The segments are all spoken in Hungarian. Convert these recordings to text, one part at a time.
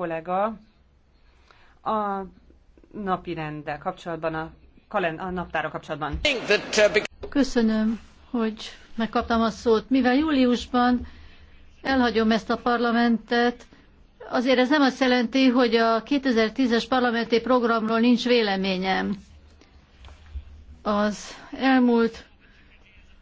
kollega a napi rendel kapcsolatban, a, kalend- a naptára kapcsolatban. Köszönöm, hogy megkaptam a szót. Mivel júliusban elhagyom ezt a parlamentet, azért ez nem azt jelenti, hogy a 2010-es parlamenti programról nincs véleményem. Az elmúlt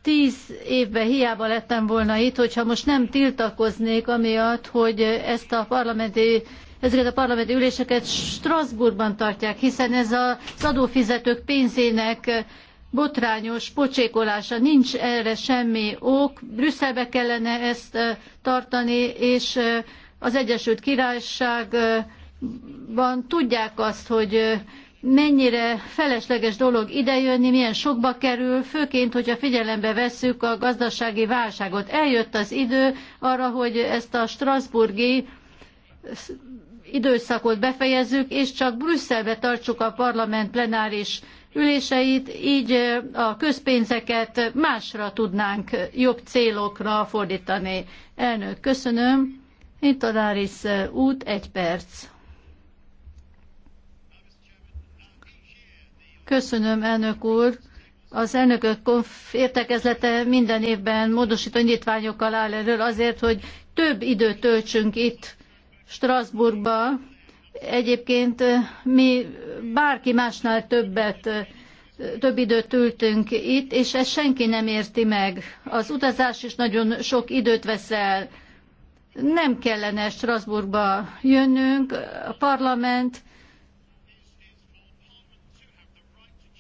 tíz évben hiába lettem volna itt, hogyha most nem tiltakoznék amiatt, hogy ezt a parlamenti ezeket a parlamenti üléseket Strasbourgban tartják, hiszen ez az adófizetők pénzének eh, botrányos pocsékolása, nincs erre semmi ok, Brüsszelbe kellene ezt eh, tartani, és eh, az Egyesült Királyságban tudják azt, hogy mennyire felesleges dolog idejönni, milyen sokba kerül, főként, hogyha figyelembe vesszük a gazdasági válságot. Eljött az idő arra, hogy ezt a Strasburgi időszakot befejezzük, és csak Brüsszelbe tartsuk a parlament plenáris üléseit, így a közpénzeket másra tudnánk jobb célokra fordítani. Elnök, köszönöm. Hintadáris út, egy perc. Köszönöm, elnök úr. Az elnökök értekezlete minden évben módosító indítványokkal áll elő azért, hogy több időt töltsünk itt Strasbourgba. Egyébként eh, mi bárki másnál többet eh, több időt ültünk itt, és ezt senki nem érti meg. Az utazás is nagyon sok időt vesz el. Nem kellene Strasbourgba jönnünk, a parlament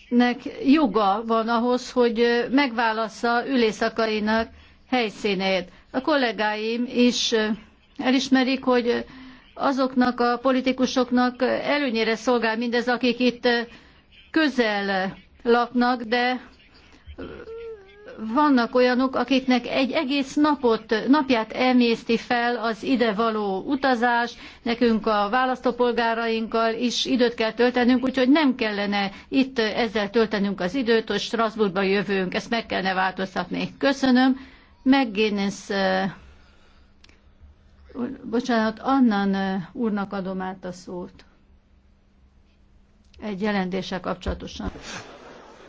nek joga van ahhoz, hogy eh, megválassza ülészakainak helyszínét. A kollégáim is elismerik, hogy azoknak a politikusoknak előnyére szolgál mindez, akik itt közel laknak, de vannak olyanok, akiknek egy egész napot, napját emészti fel az ide való utazás, nekünk a választópolgárainkkal is időt kell töltenünk, úgyhogy nem kellene itt ezzel töltenünk az időt, hogy Strasbourgba jövünk, ezt meg kellene változtatni. Köszönöm. McGuinness eh, bocsánat, Annan úrnak adom át a szót. Egy jelentéssel kapcsolatosan.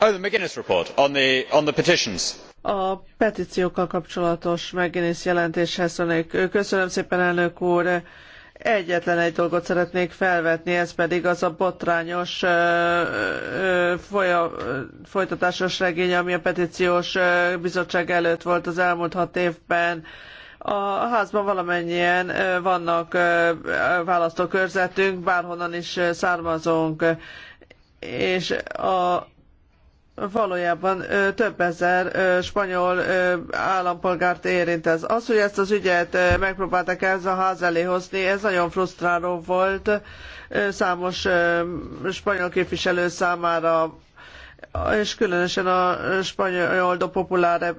Oh, the McGuinness report on the, on the petitions. A petíciókkal kapcsolatos McGuinness jelentéshez szólnék. Köszönöm szépen, elnök úr. Egyetlen egy dolgot szeretnék felvetni, ez pedig az a botrányos ö, ö, folya, folytatásos regény, ami a petíciós bizottság előtt volt az elmúlt hat évben. Ö, a házban valamennyien vannak választókörzetünk, bárhonnan is származunk, és a valójában több ezer spanyol állampolgárt érint ez. Az, hogy ezt az ügyet megpróbálták ez a ház elé hozni, ez nagyon frusztráló volt számos spanyol képviselő számára és különösen a spanyol populár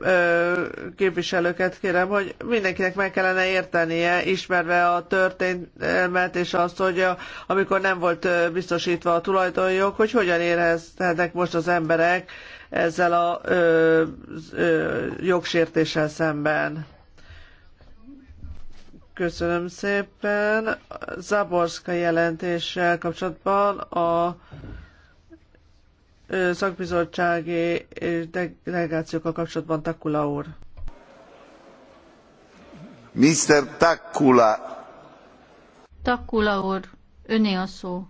képviselőket kérem, hogy mindenkinek meg kellene értenie, ismerve a történelmet és azt, hogy a, amikor nem volt biztosítva a tulajdonjog, hogy hogyan érezhetnek most az emberek ezzel a ö, ö, jogsértéssel szemben. Köszönöm szépen. Zaborska jelentéssel kapcsolatban a szakbizottsági delegációkkal kapcsolatban Takula úr. Mr. Takula. Takula úr, öné a szó.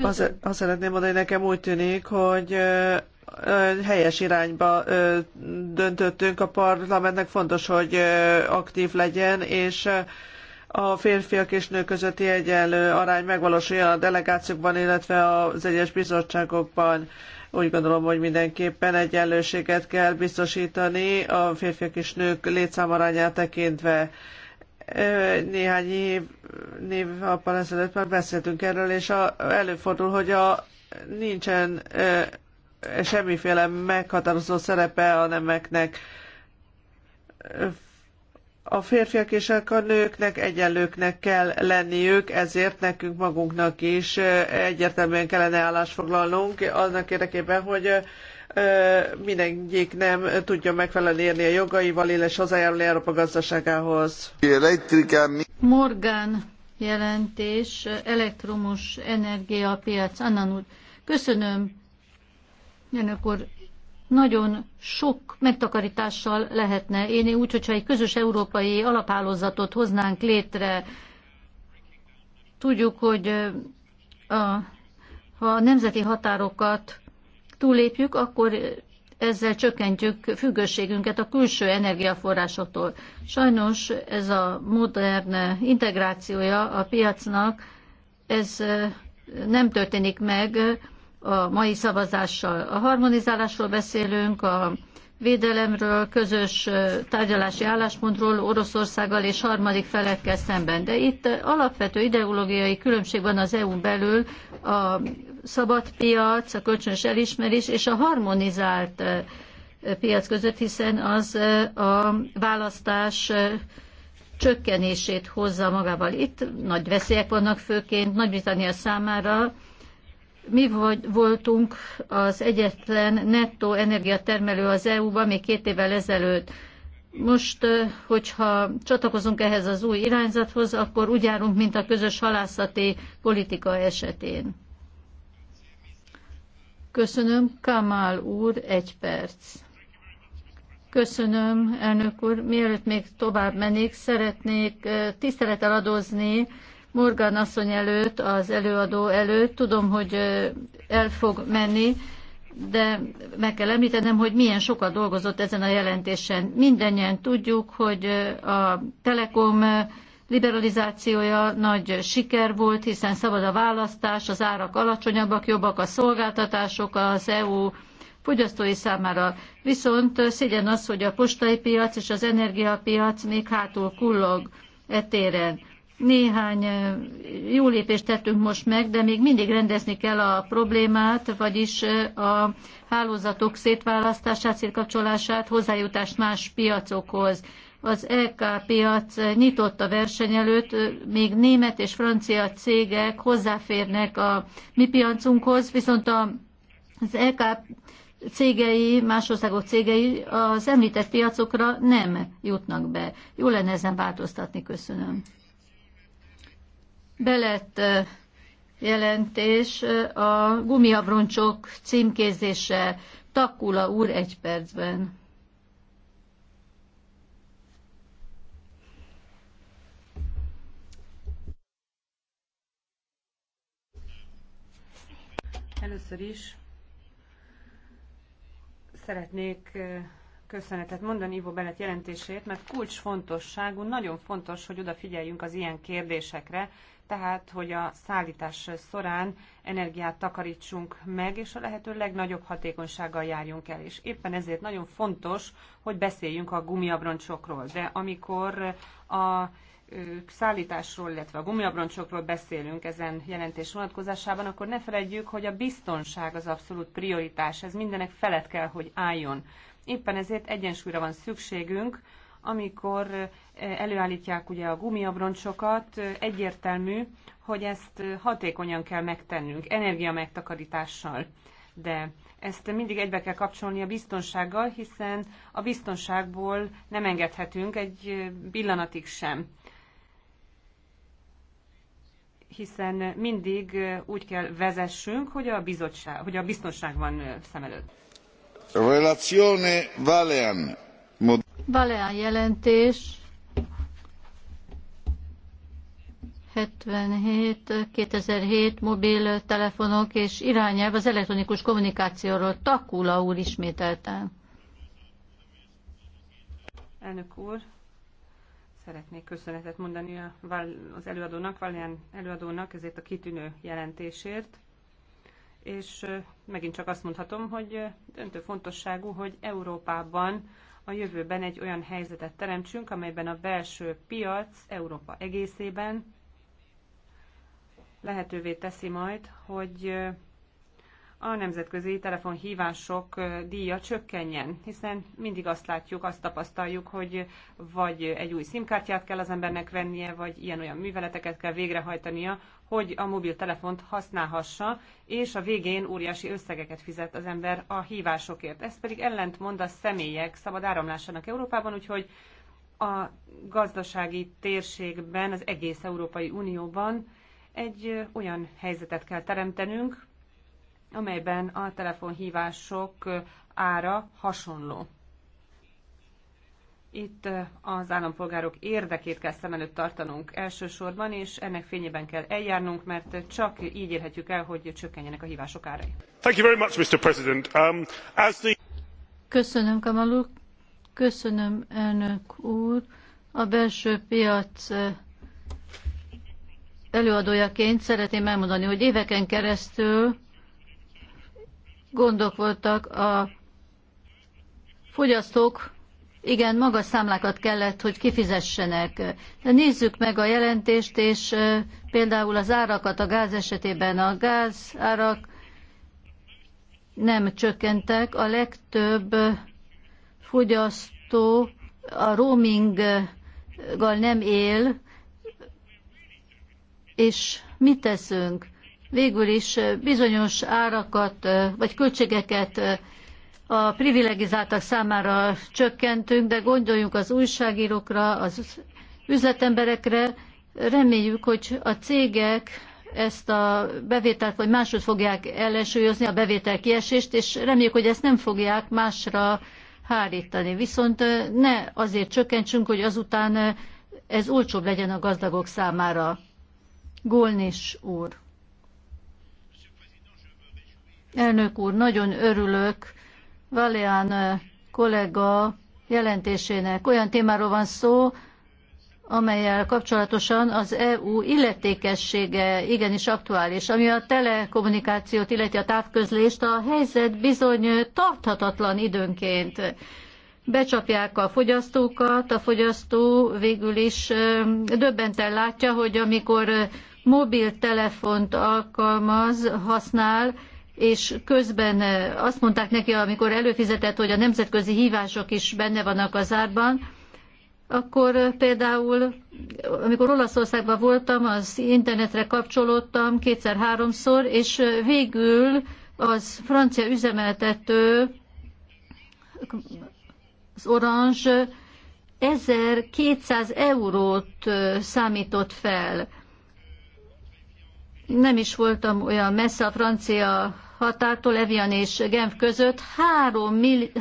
Azt szeretném mondani, nekem úgy tűnik, hogy helyes irányba döntöttünk. A parlamentnek fontos, hogy aktív legyen, és a férfiak és nők közötti egyenlő arány megvalósuljon a delegációkban, illetve az egyes bizottságokban. Úgy gondolom, hogy mindenképpen egyenlőséget kell biztosítani a férfiak és nők létszámarányát tekintve néhány év, név nappal ezelőtt már beszéltünk erről, és a, előfordul, hogy a, nincsen semmiféle meghatározó szerepe a nemeknek. A férfiak és a nőknek egyenlőknek kell lenniük, ezért nekünk magunknak is egyértelműen kellene állásfoglalnunk annak érdekében, hogy mindegyik nem tudja megfelelni érni a jogaival, illetve hozzájárulni Európa gazdaságához. Morgan jelentés, elektromos energiapiac, Annan úr. Köszönöm Önök nagyon sok megtakarítással lehetne élni, úgy, hogyha egy közös európai alaphálózatot hoznánk létre. Tudjuk, hogy a, ha a nemzeti határokat túlépjük, akkor ezzel csökkentjük függőségünket a külső energiaforrásoktól. Sajnos ez a modern integrációja a piacnak, ez nem történik meg a mai szavazással. A harmonizálásról beszélünk, a védelemről, közös tárgyalási álláspontról Oroszországgal és harmadik felekkel szemben. De itt alapvető ideológiai különbség van az EU-n belül a szabad piac, a kölcsönös elismerés és a harmonizált piac között, hiszen az a választás csökkenését hozza magával. Itt nagy veszélyek vannak főként Nagy-Britannia számára, mi voltunk az egyetlen nettó energiatermelő az EU-ban még két évvel ezelőtt. Most, hogyha csatlakozunk ehhez az új irányzathoz, akkor úgy járunk, mint a közös halászati politika esetén. Köszönöm, Kamal úr, egy perc. Köszönöm, elnök úr. Mielőtt még tovább mennék, szeretnék tisztelettel adózni Morgan asszony előtt, az előadó előtt. Tudom, hogy el fog menni, de meg kell említenem, hogy milyen sokat dolgozott ezen a jelentésen. Mindennyien tudjuk, hogy a Telekom liberalizációja nagy siker volt, hiszen szabad a választás, az árak alacsonyabbak, jobbak a szolgáltatások, az EU fogyasztói számára. Viszont szégyen az, hogy a postai piac és az energiapiac még hátul kullog etéren. Néhány jó lépést tettünk most meg, de még mindig rendezni kell a problémát, vagyis a hálózatok szétválasztását, szétkapcsolását, hozzájutást más piacokhoz. Az EK piac nyitott a verseny előtt, még német és francia cégek hozzáférnek a mi piacunkhoz, viszont az EK cégei, más országok cégei az említett piacokra nem jutnak be. Jó lenne ezen változtatni, köszönöm belett jelentés a gumiabroncsok címkézése. Takula úr egy percben. Először is szeretnék köszönetet mondani Ivo Belet jelentését, mert kulcsfontosságú, nagyon fontos, hogy odafigyeljünk az ilyen kérdésekre, tehát, hogy a szállítás során energiát takarítsunk meg, és a lehető legnagyobb hatékonysággal járjunk el. És éppen ezért nagyon fontos, hogy beszéljünk a gumiabroncsokról. De amikor a szállításról, illetve a gumiabroncsokról beszélünk ezen jelentés vonatkozásában, akkor ne felejtjük, hogy a biztonság az abszolút prioritás. Ez mindenek felett kell, hogy álljon. Éppen ezért egyensúlyra van szükségünk, amikor eh, előállítják ugye a gumiabroncsokat, egyértelmű, hogy ezt hatékonyan kell megtennünk, energia megtakarítással. De ezt mindig egybe kell kapcsolni a biztonsággal, hiszen a biztonságból nem engedhetünk egy eh, pillanatig sem hiszen mindig eh, úgy kell vezessünk, hogy a, bizottság, hogy a biztonság van szem előtt seventy seven two jelentés and seven mobiltelefonok és irányelv az elektronikus kommunikációról. Takula úr ismételten. Elnök úr, szeretnék köszönetet mondani az előadónak, Valján előadónak ezért a kitűnő jelentésért és megint csak azt mondhatom, hogy döntő fontosságú, hogy Európában a jövőben egy olyan helyzetet teremtsünk, amelyben a belső piac Európa egészében lehetővé teszi majd, hogy a nemzetközi telefonhívások díja csökkenjen, hiszen mindig azt látjuk, azt tapasztaljuk, hogy vagy egy új szimkártyát kell az embernek vennie, vagy ilyen-olyan műveleteket kell végrehajtania, hogy a mobiltelefont használhassa, és a végén óriási összegeket fizet az ember a hívásokért. Ez pedig ellentmond a személyek szabad áramlásának Európában, úgyhogy a gazdasági térségben, az egész Európai Unióban egy olyan helyzetet kell teremtenünk, amelyben a telefonhívások ára hasonló. Itt az állampolgárok érdekét kell szem előtt tartanunk elsősorban, és ennek fényében kell eljárnunk, mert csak így érhetjük el, hogy csökkenjenek a hívások árai. Thank you very much, Mr. President. Um, as the... Köszönöm, Kamalu. Köszönöm, elnök úr. A belső piac előadójaként szeretném elmondani, hogy éveken keresztül gondok voltak a fogyasztók igen magas számlákat kellett, hogy kifizessenek. De nézzük meg a jelentést, és például az árakat a gáz esetében a gáz árak nem csökkentek, a legtöbb fogyasztó a roaminggal nem él, és mit teszünk? Végül is bizonyos árakat vagy költségeket a privilegizáltak számára csökkentünk, de gondoljunk az újságírókra, az üzletemberekre. Reméljük, hogy a cégek ezt a bevételt, vagy máshogy fogják ellensúlyozni a bevétel kiesést, és reméljük, hogy ezt nem fogják másra hárítani. Viszont ne azért csökkentsünk, hogy azután ez olcsóbb legyen a gazdagok számára. Gólnis úr. Elnök úr, nagyon örülök Valéán kollega jelentésének. Olyan témáról van szó, amelyel kapcsolatosan az EU illetékessége igenis aktuális. Ami a telekommunikációt illeti a távközlést, a helyzet bizony tarthatatlan időnként. Becsapják a fogyasztókat, a fogyasztó végül is döbbenten látja, hogy amikor mobiltelefont alkalmaz, használ, és közben eh, azt mondták neki, amikor előfizetett, hogy a nemzetközi hívások is benne vannak az árban, akkor eh, például, amikor Olaszországban voltam, az internetre kapcsolódtam kétszer-háromszor, és eh, végül az francia üzemeltető, az Orange 1200 eurót számított fel. Nem is voltam olyan messze a francia határtól Evian és Genf között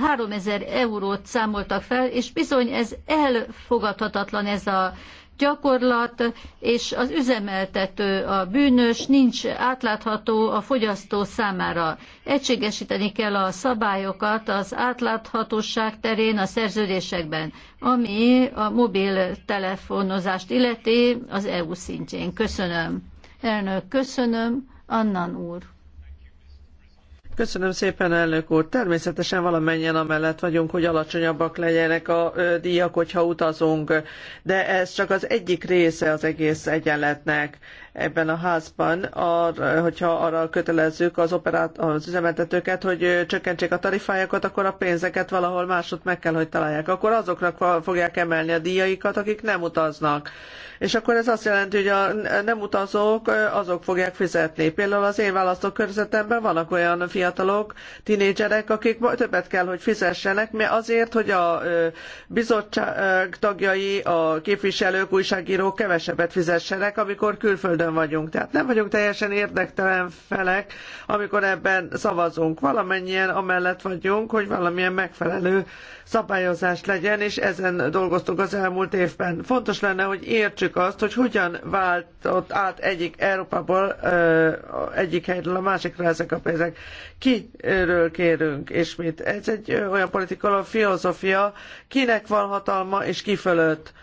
3, ezer eurót számoltak fel, és bizony ez elfogadhatatlan ez a gyakorlat, és az üzemeltető a bűnös, nincs átlátható a fogyasztó számára. Egységesíteni kell a szabályokat az átláthatóság terén a szerződésekben, ami a mobiltelefonozást illeti az EU szintjén. Köszönöm. Elnök, köszönöm. Annan úr. Köszönöm szépen, elnök úr. Természetesen valamennyien amellett vagyunk, hogy alacsonyabbak legyenek a díjak, hogyha utazunk, de ez csak az egyik része az egész egyenletnek ebben a házban, arra, hogyha arra kötelezzük az, operát, az üzemeltetőket, hogy csökkentsék a tarifájakat, akkor a pénzeket valahol másod meg kell, hogy találják. Akkor azoknak fogják emelni a díjaikat, akik nem utaznak. És akkor ez azt jelenti, hogy a nem utazók, azok fogják fizetni. Például az én választókörzetemben vannak olyan fiatalok, tinédzserek, akik többet kell, hogy fizessenek, mert azért, hogy a bizottság tagjai, a képviselők, újságírók kevesebbet fizessenek, amikor külföldön földön vagyunk. Tehát nem vagyunk teljesen érdektelen felek, amikor ebben szavazunk. Valamennyien amellett vagyunk, hogy valamilyen megfelelő szabályozás legyen, és ezen dolgoztunk az elmúlt évben. Fontos lenne, hogy értsük azt, hogy hogyan váltott át egyik Európából egyik helyről a másikra ezek a pénzek. Kiről kérünk, és mit? Ez egy olyan politikai filozófia, kinek van hatalma, és ki fölött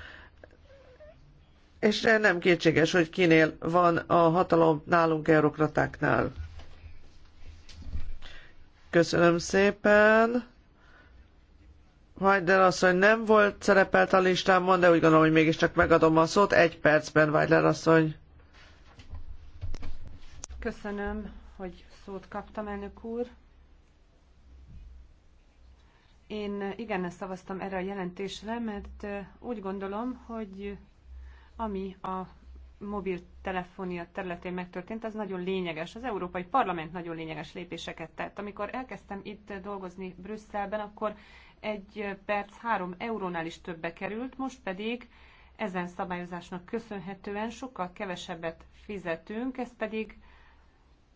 és nem kétséges, hogy kinél van a hatalom nálunk eurokratáknál. Köszönöm szépen. Weider asszony nem volt szerepelt a listámon, de úgy gondolom, hogy mégiscsak megadom a szót. Egy percben, Weider asszony. Köszönöm, hogy szót kaptam, elnök úr. Én igen, szavaztam erre a jelentésre, mert úgy gondolom, hogy ami a mobiltelefonia területén megtörtént, az nagyon lényeges. Az Európai Parlament nagyon lényeges lépéseket tett. Amikor elkezdtem itt dolgozni Brüsszelben, akkor egy perc három eurónál is többe került, most pedig ezen szabályozásnak köszönhetően sokkal kevesebbet fizetünk, ez pedig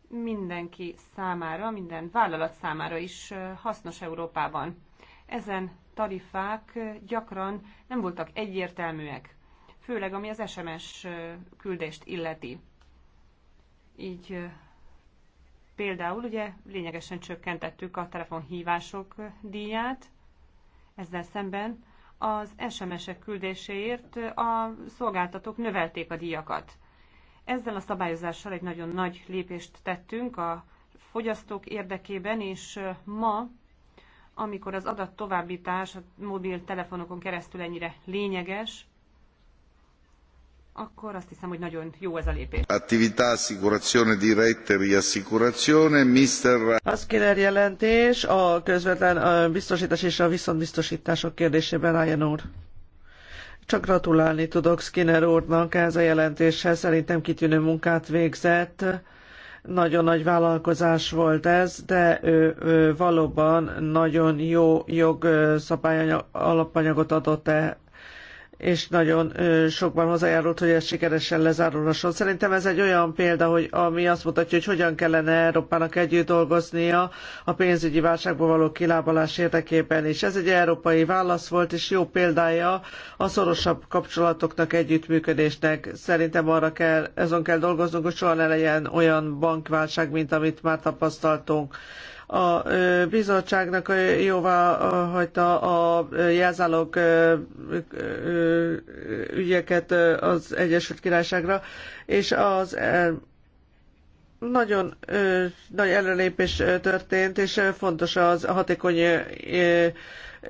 mindenki számára, minden vállalat számára is hasznos Európában. Ezen tarifák gyakran nem voltak egyértelműek főleg ami az SMS küldést illeti. Így például ugye lényegesen csökkentettük a telefonhívások díját, ezzel szemben az SMS-ek küldéséért a szolgáltatók növelték a díjakat. Ezzel a szabályozással egy nagyon nagy lépést tettünk a fogyasztók érdekében, és ma, amikor az adat a mobiltelefonokon keresztül ennyire lényeges, akkor azt hiszem, hogy nagyon jó ez a lépés. Attività assicurazione dirette e riassicurazione, Mr. Askiller jelentés a közvetlen a biztosítás és a viszontbiztosítások kérdésében, Ryan úr. Csak gratulálni tudok Skinner úrnak ez a jelentéshez, szerintem kitűnő munkát végzett. Nagyon nagy vállalkozás volt ez, de ő, ő valóban nagyon jó jogszabály alapanyagot adott -e és nagyon sokban hozzájárult, hogy ez sikeresen lezárulhasson. Szerintem ez egy olyan példa, hogy ami azt mutatja, hogy hogyan kellene Európának együtt dolgoznia a pénzügyi válságból való kilábalás érdekében is. Ez egy európai válasz volt, és jó példája a szorosabb kapcsolatoknak, együttműködésnek. Szerintem arra kell, azon kell dolgoznunk, hogy soha ne legyen olyan bankválság, mint amit már tapasztaltunk. A bizottságnak jóvá hagyta a jelzálog ügyeket az Egyesült Királyságra, és az nagyon nagy előlépés történt, és fontos az hatékony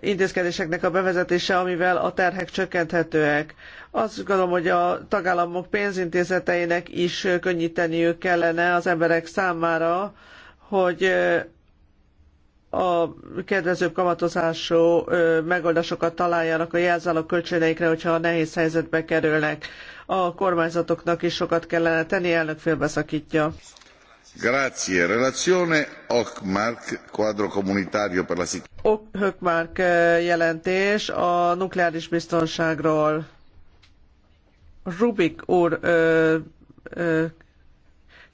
intézkedéseknek a bevezetése, amivel a terhek csökkenthetőek. Azt gondolom, hogy a tagállamok pénzintézeteinek is könnyíteniük kellene az emberek számára, hogy a kedvezőbb kamatozású megoldásokat találjanak a jelzálog költségeikre, hogyha nehéz helyzetbe kerülnek. A kormányzatoknak is sokat kellene tenni, elnök félbeszakítja. Grazie. Relazione Ockmark, quadro comunitario per la Ockmark jelentés a nukleáris biztonságról. Rubik úr, ö, ö,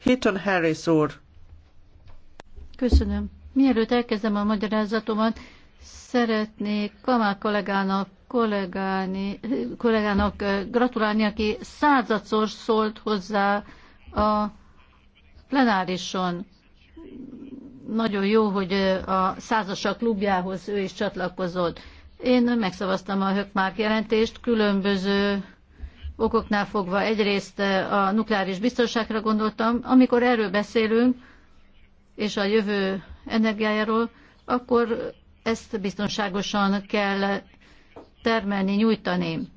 Hitton Harris úr. Köszönöm. Mielőtt elkezdem a magyarázatomat, szeretnék Kamá kollégának, kollégáni, kollégának gratulálni, aki századszor szólt hozzá a plenárison. Nagyon jó, hogy a százasak klubjához ő is csatlakozott. Én megszavaztam a Hökmárk jelentést, különböző okoknál fogva egyrészt a nukleáris biztonságra gondoltam. Amikor erről beszélünk, és a jövő energiájáról, akkor ezt biztonságosan kell termelni, nyújtani.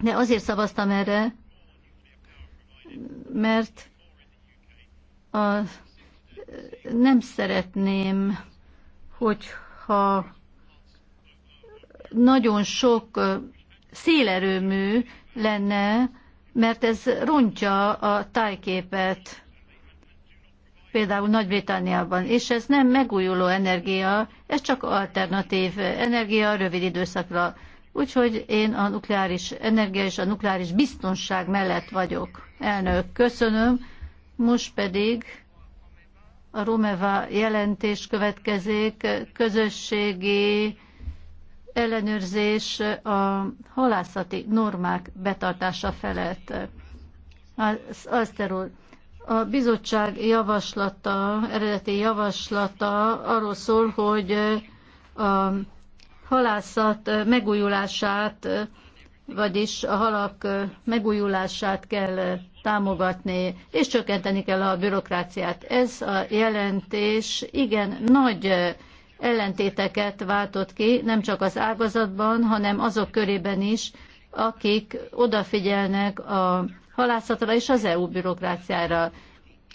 De azért szavaztam erre, mert a, nem szeretném, hogyha nagyon sok szélerőmű lenne, mert ez rontja a tájképet például Nagy-Britanniában, és ez nem megújuló energia, ez csak alternatív energia rövid időszakra. Úgyhogy én a nukleáris energia és a nukleáris biztonság mellett vagyok. Elnök, köszönöm. Most pedig a Romeva jelentés következik, közösségi ellenőrzés a halászati normák betartása felett. Az, az terül. A bizottság javaslata, eredeti javaslata arról szól, hogy a halászat megújulását, vagyis a halak megújulását kell támogatni, és csökkenteni kell a bürokráciát. Ez a jelentés igen nagy ellentéteket váltott ki, nem csak az ágazatban, hanem azok körében is, akik odafigyelnek a halászatra és az EU bürokráciára.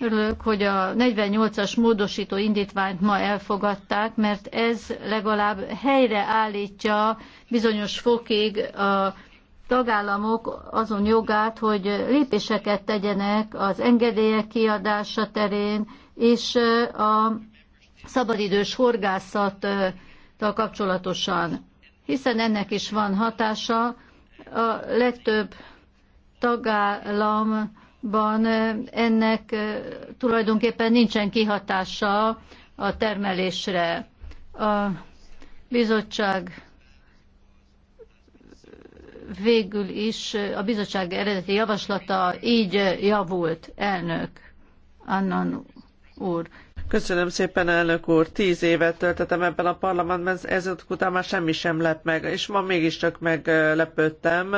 Örülök, hogy a 48-as módosító indítványt ma elfogadták, mert ez legalább helyreállítja bizonyos fokig a tagállamok azon jogát, hogy lépéseket tegyenek az engedélyek kiadása terén és a szabadidős horgászattal kapcsolatosan, hiszen ennek is van hatása. A legtöbb tagállamban ennek tulajdonképpen nincsen kihatása a termelésre. A bizottság végül is a bizottság eredeti javaslata így javult, elnök Annan úr. Köszönöm szépen, elnök úr. Tíz évet töltetem ebben a parlamentben, ezek után már semmi sem lep meg, és ma mégiscsak meglepődtem,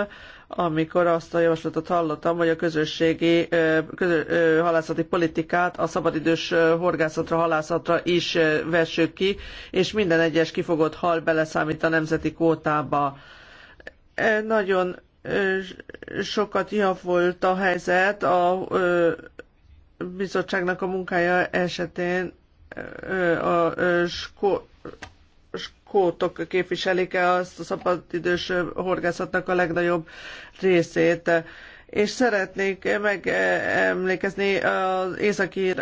amikor azt a javaslatot hallottam, hogy a közösségi közö, halászati politikát a szabadidős horgászatra, halászatra is vessük ki, és minden egyes kifogott hal beleszámít a nemzeti kvótába. E, nagyon sokat javult a helyzet, a bizottságnak a munkája esetén a skó, skótok képviselik-e azt a szabadidős horgászatnak a legnagyobb részét. És szeretnék megemlékezni az északír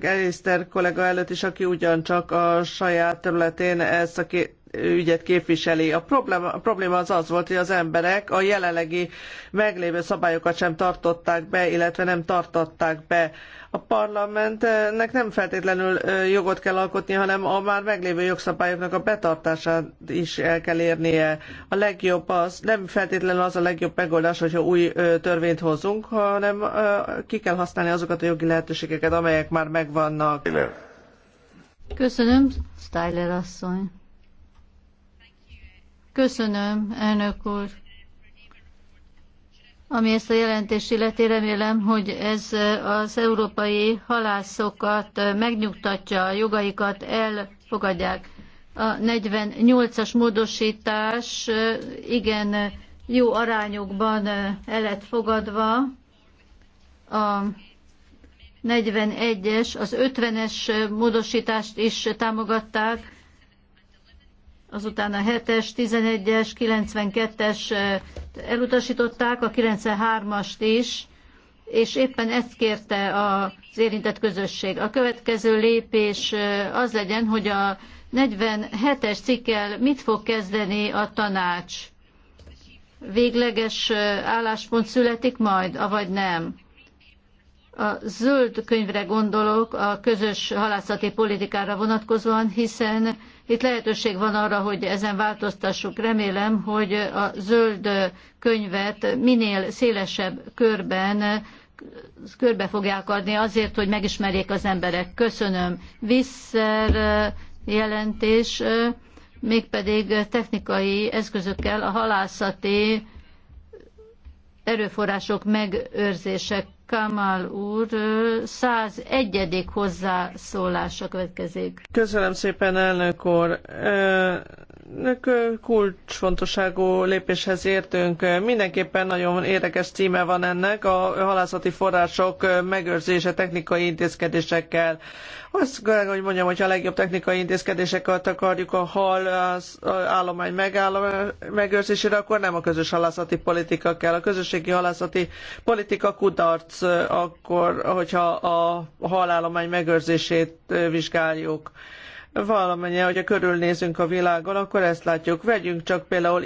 Eliszter kollega előtt is, aki ugyancsak a saját területén ezt a két ügyet képviseli. A probléma, a probléma az az volt, hogy az emberek a jelenlegi meglévő szabályokat sem tartották be, illetve nem tartották be. A parlamentnek nem feltétlenül jogot kell alkotni, hanem a már meglévő jogszabályoknak a betartását is el kell érnie. A legjobb az, nem feltétlenül az a legjobb megoldás, hogyha új törvényt hozunk, hanem ki kell használni azokat a jogi lehetőségeket, amelyek már megvannak. Köszönöm, Styler asszony. Köszönöm, elnök úr. Ami ezt a jelentést illeti, remélem, hogy ez az európai halászokat megnyugtatja, a jogaikat elfogadják. A 48-as módosítás igen jó arányokban el lett fogadva. A 41-es, az 50-es módosítást is támogatták azután a 7-es, 11-es, 92-es elutasították, a 93-ast is, és éppen ezt kérte az érintett közösség. A következő lépés az legyen, hogy a 47-es cikkel mit fog kezdeni a tanács? Végleges álláspont születik majd, avagy nem? A zöld könyvre gondolok a közös halászati politikára vonatkozóan, hiszen itt lehetőség van arra, hogy ezen változtassuk. Remélem, hogy a zöld könyvet minél szélesebb körben körbe fogják adni azért, hogy megismerjék az emberek. Köszönöm. Visszer jelentés, mégpedig technikai eszközökkel a halászati erőforrások megőrzése Kamal úr 101. hozzászólása következik. Köszönöm szépen, elnök úr kulcsfontosságú lépéshez értünk. Mindenképpen nagyon érdekes címe van ennek, a halászati források megőrzése technikai intézkedésekkel. Azt kell, hogy mondjam, hogy a legjobb technikai intézkedéseket akarjuk a hal az állomány megőrzésére, akkor nem a közös halászati politika kell. A közösségi halászati politika kudarc, akkor, hogyha a halállomány megőrzését vizsgáljuk valamennyire, hogyha körülnézünk a világon, akkor ezt látjuk. Vegyünk csak például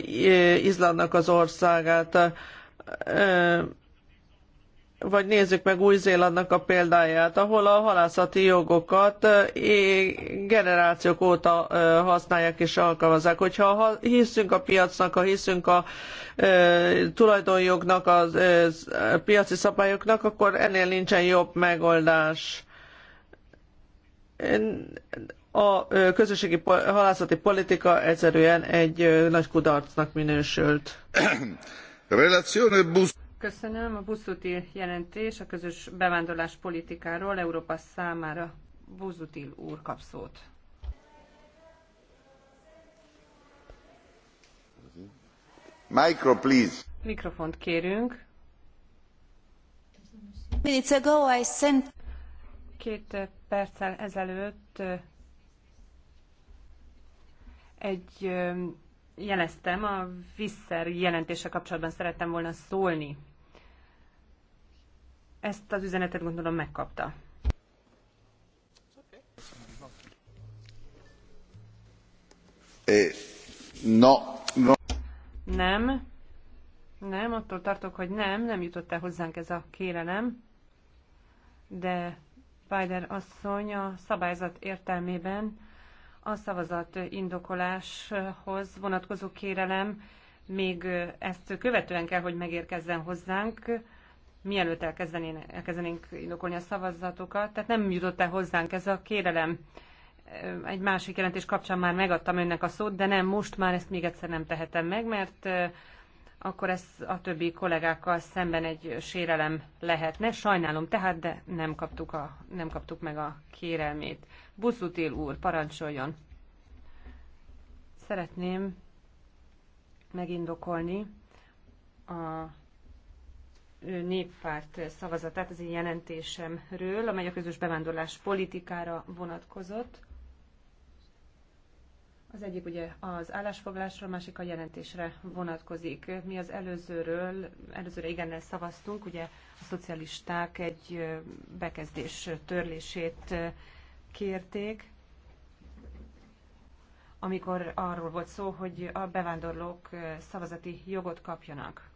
Izlandnak az országát, vagy nézzük meg Új-Zélandnak a példáját, ahol a halászati jogokat generációk óta használják és alkalmazzák. Hogyha hiszünk a piacnak, ha hiszünk a tulajdonjognak, a piaci szabályoknak, akkor ennél nincsen jobb megoldás a közösségi halászati politika egyszerűen egy nagy kudarcnak minősült. Köszönöm. A Buszutil jelentés a közös bevándorlás politikáról Európa számára. Buszutil úr kap szót. Micro, please. Mikrofont kérünk. Minutes ago I sent... Két perccel ezelőtt egy jeleztem, a visszer jelentése kapcsolatban szerettem volna szólni. Ezt az üzenetet gondolom megkapta. No, no. Nem. Nem, attól tartok, hogy nem, nem jutott el hozzánk ez a kérelem. De Spider asszony a szabályzat értelmében a szavazat indokoláshoz vonatkozó kérelem még ezt követően kell, hogy megérkezzen hozzánk, mielőtt elkezdenénk indokolni a szavazatokat. Tehát nem jutott el hozzánk ez a kérelem. Egy másik jelentés kapcsán már megadtam önnek a szót, de nem, most már ezt még egyszer nem tehetem meg, mert akkor ez a többi kollégákkal szemben egy sérelem lehetne. Sajnálom tehát, de nem kaptuk, a, nem kaptuk meg a kérelmét. Buszutil úr, parancsoljon! Szeretném megindokolni a néppárt szavazatát az én jelentésemről, amely a közös bevándorlás politikára vonatkozott. Az egyik ugye az állásfoglalásra, a másik a jelentésre vonatkozik. Mi az előzőről, előzőre igennel szavaztunk, ugye a szocialisták egy bekezdés törlését kérték, amikor arról volt szó, hogy a bevándorlók szavazati jogot kapjanak.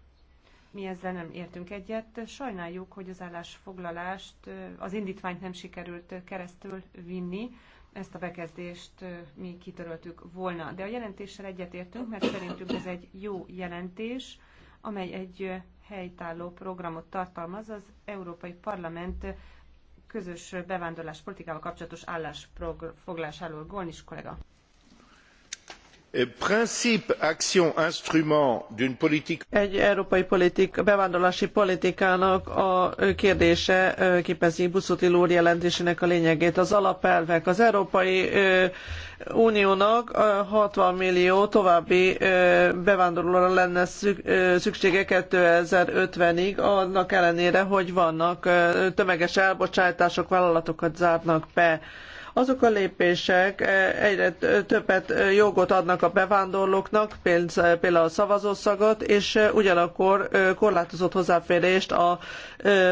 Mi ezzel nem értünk egyet. Sajnáljuk, hogy az állásfoglalást, az indítványt nem sikerült keresztül vinni, ezt a bekezdést mi kitöröltük volna. De a jelentéssel egyetértünk, mert szerintünk ez egy jó jelentés, amely egy helytálló programot tartalmaz az Európai Parlament közös bevándorlás politikával kapcsolatos állásfoglásáról. Gólnis kollega. Eh, principe action instrument d'une politique egy európai bevándorlási politikának a kérdése képezi busuttil úr jelentésének a lényegét. Az alapelvek, az európai Uniónak 60 millió további bevándorlóra lenne szüksége 2050-ig, annak ellenére, hogy vannak tömeges elbocsátások, vállalatokat zárnak be azok a lépések egyre többet jogot adnak a bevándorlóknak, például a szavazószagot, és ugyanakkor korlátozott hozzáférést a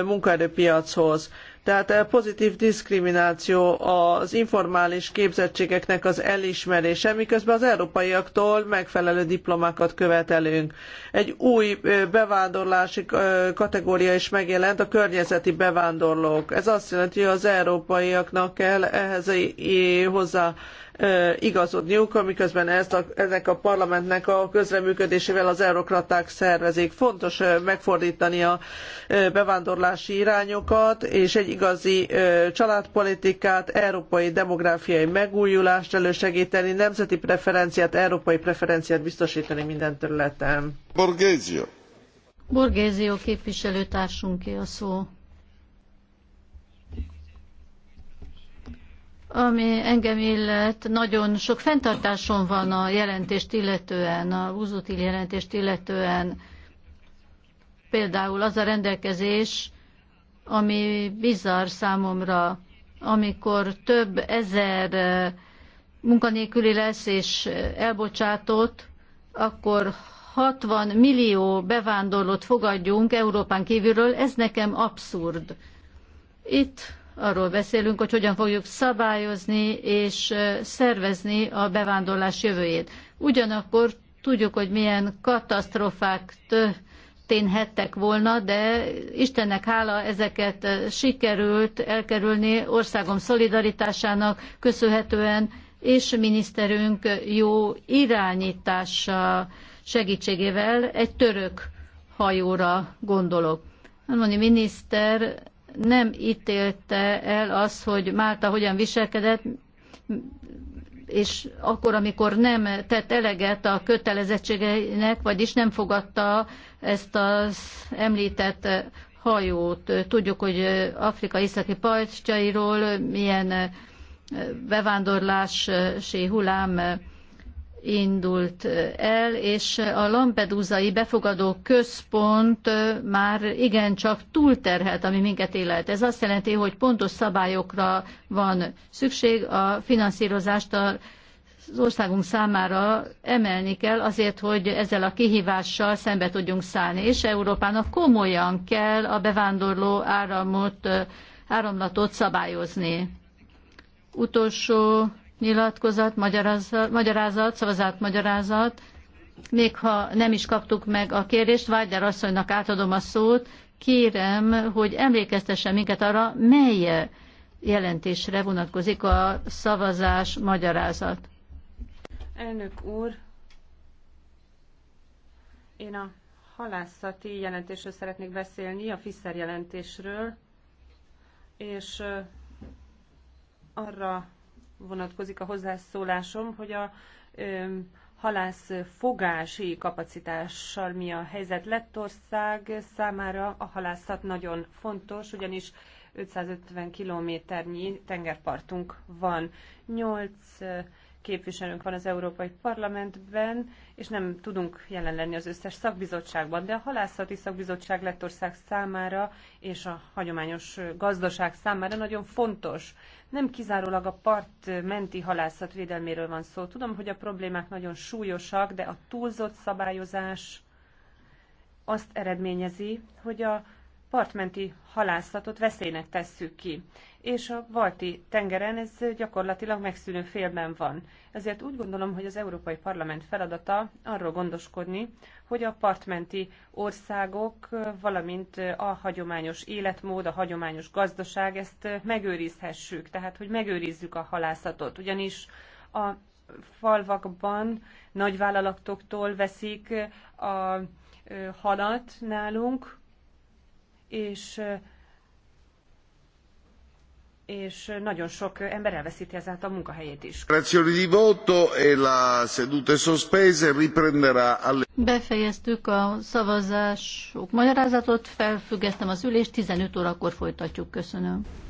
munkaerőpiachoz. Tehát eh, pozitív diszkrimináció az informális képzettségeknek az elismerése, miközben az európaiaktól megfelelő diplomákat követelünk. Egy új eh, bevándorlási eh, kategória is megjelent, a környezeti bevándorlók. Ez azt jelenti, hogy az európaiaknak kell ehhez hozzá igazodniuk, amiközben ezt a, ennek a parlamentnek a közreműködésével az eurokraták szervezik. Fontos megfordítani a bevándorlási irányokat, és egy igazi családpolitikát, európai demográfiai megújulást elősegíteni, nemzeti preferenciát, európai preferenciát biztosítani minden területen. Borgézio. Borgézio képviselőtársunké a szó. Ami engem illet, nagyon sok fenntartásom van a jelentést illetően, a úzutil jelentést illetően. Például az a rendelkezés, ami bizarr számomra, amikor több ezer eh, munkanélküli lesz és eh, elbocsátott, akkor 60 millió bevándorlót fogadjunk Európán kívülről, ez nekem abszurd. Itt arról beszélünk, hogy hogyan fogjuk szabályozni és szervezni a bevándorlás jövőjét. Ugyanakkor tudjuk, hogy milyen katasztrofák történhettek volna, de Istennek hála ezeket sikerült elkerülni országom szolidaritásának köszönhetően, és miniszterünk jó irányítása segítségével egy török hajóra gondolok. Anoni miniszter nem ítélte el az, hogy Málta hogyan viselkedett, és akkor, amikor nem tett eleget a kötelezettségeinek, vagyis nem fogadta ezt az említett hajót. Tudjuk, hogy Afrika északi partjairól milyen bevándorlási hullám indult el, és a Lampedusai befogadó központ már igencsak túlterhelt, ami minket élet. Ez azt jelenti, hogy pontos szabályokra van szükség, a finanszírozást a az országunk számára emelni kell azért, hogy ezzel a kihívással szembe tudjunk szállni, és Európának komolyan kell a bevándorló áramot, áramlatot szabályozni. Utolsó nyilatkozat, magyarázat, magyarázat szavazatmagyarázat, még ha nem is kaptuk meg a kérdést, Vágyder asszonynak átadom a szót, kérem, hogy emlékeztesse minket arra, mely jelentésre vonatkozik a szavazás magyarázat. Elnök úr, én a halászati jelentésről szeretnék beszélni, a Fiszer jelentésről, és arra vonatkozik a hozzászólásom, hogy a ö, halász fogási kapacitással mi a helyzet. Lettország számára a halászat nagyon fontos, ugyanis 550 kilométernyi tengerpartunk van. 8 képviselőnk van az Európai Parlamentben, és nem tudunk jelen lenni az összes szakbizottságban, de a halászati szakbizottság Lettország számára és a hagyományos gazdaság számára nagyon fontos. Nem kizárólag a part menti halászat védelméről van szó. Tudom, hogy a problémák nagyon súlyosak, de a túlzott szabályozás azt eredményezi, hogy a partmenti halászatot veszélynek tesszük ki, és a Balti tengeren ez gyakorlatilag megszűnő félben van. Ezért úgy gondolom, hogy az Európai Parlament feladata arról gondoskodni, hogy a partmenti országok, valamint a hagyományos életmód, a hagyományos gazdaság, ezt megőrizhessük, tehát hogy megőrizzük a halászatot, ugyanis a falvakban nagyvállalatoktól veszik a halat nálunk, és és nagyon sok ember elveszíti ezáltal a munkahelyét is. E e Befejeztük a szavazások magyarázatot, felfüggesztem az ülést, 15 órakor folytatjuk. Köszönöm.